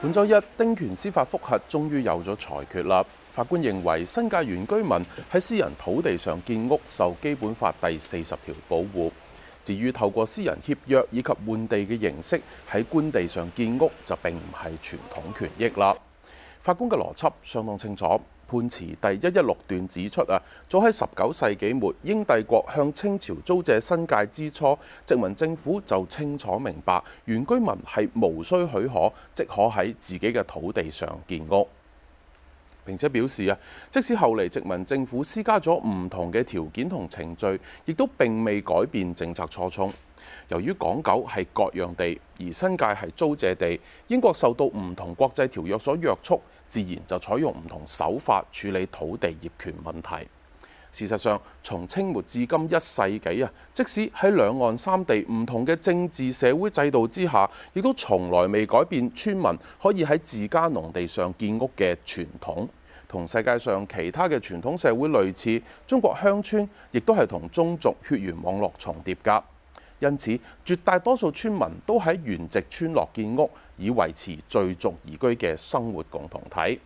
本周一丁權司法覆核終於有咗裁決啦！法官認為新界原居民喺私人土地上建屋受《基本法》第四十條保護；至於透過私人協約以及換地嘅形式喺官地上建屋，就並唔係傳統權益啦。法官嘅邏輯相當清楚。判詞第一一六段指出啊，早喺十九世紀末，英帝國向清朝租借新界之初，殖民政府就清楚明白，原居民係無需許可即可喺自己嘅土地上建屋。並且表示啊，即使後嚟殖民政府施加咗唔同嘅條件同程序，亦都並未改變政策初衷。由於港九係割讓地，而新界係租借地，英國受到唔同國際條約所約束，自然就採用唔同手法處理土地業權問題。事實上，從清末至今一世紀啊，即使喺兩岸三地唔同嘅政治社會制度之下，亦都從來未改變村民可以喺自家農地上建屋嘅傳統。同世界上其他嘅傳統社會類似，中國鄉村亦都係同宗族血緣網絡重疊㗎，因此絕大多數村民都喺原籍村落建屋，以維持聚族而居嘅生活共同體。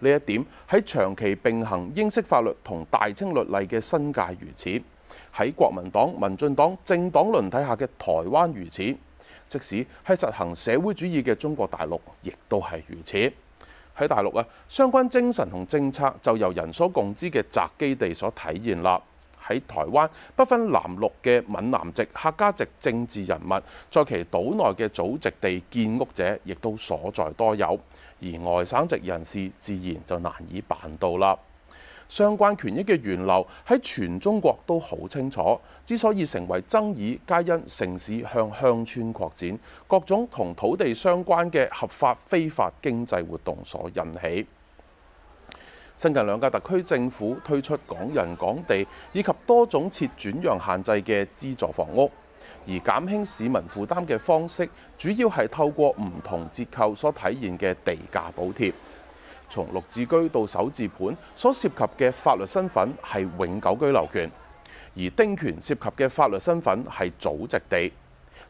呢一點喺長期並行英式法律同大清律例嘅新界如此，喺國民黨、民進黨、政黨輪替下嘅台灣如此，即使喺實行社會主義嘅中國大陸，亦都係如此。喺大陸啊，相關精神同政策就由人所共知嘅宅基地所體現啦。喺台灣，不分藍綠嘅閩南籍、客家籍政治人物，在其島內嘅祖籍地建屋者，亦都所在多有，而外省籍人士自然就難以辦到啦。相關權益嘅源流喺全中國都好清楚，之所以成為爭議，皆因城市向鄉村擴展，各種同土地相關嘅合法非法經濟活動所引起。新近兩屆特區政府推出港人港地以及多種設轉讓限制嘅資助房屋，而減輕市民負擔嘅方式，主要係透過唔同折扣所體現嘅地價補貼。從綠置居到首置盤所涉及嘅法律身份係永久居留權，而丁權涉及嘅法律身份係祖籍地，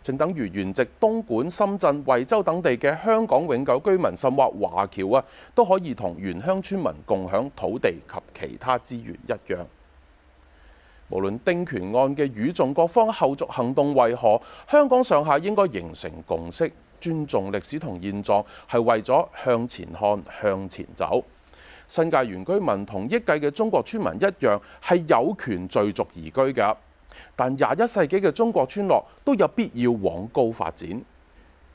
正等於原籍東莞、深圳、惠州等地嘅香港永久居民，甚或華僑啊，都可以同原鄉村民共享土地及其他資源一樣。無論丁權案嘅與訟各方後續行動為何，香港上下應該形成共識。尊重歷史同現狀係為咗向前看、向前走。新界原居民同億計嘅中國村民一樣，係有權聚族而居嘅。但廿一世紀嘅中國村落都有必要往高發展。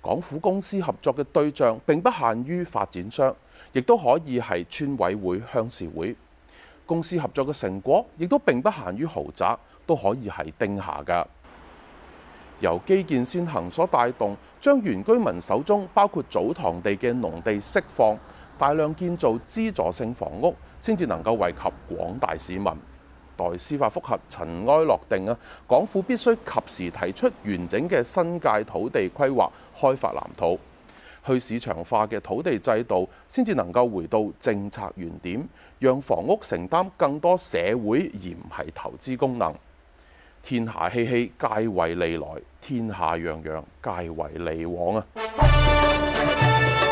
港府公私合作嘅對象並不限於發展商，亦都可以係村委會、鄉事會。公私合作嘅成果亦都並不限於豪宅，都可以係丁廈嘅。由基建先行所帶動，將原居民手中包括祖堂地嘅農地釋放，大量建造資助性房屋，先至能夠惠及廣大市民。待司法覆核塵埃落定啊，港府必須及時提出完整嘅新界土地規劃開發藍圖，去市場化嘅土地制度先至能夠回到政策原點，讓房屋承擔更多社會而唔係投資功能。天下熙熙，皆為利來；天下攘攘，皆為利往啊。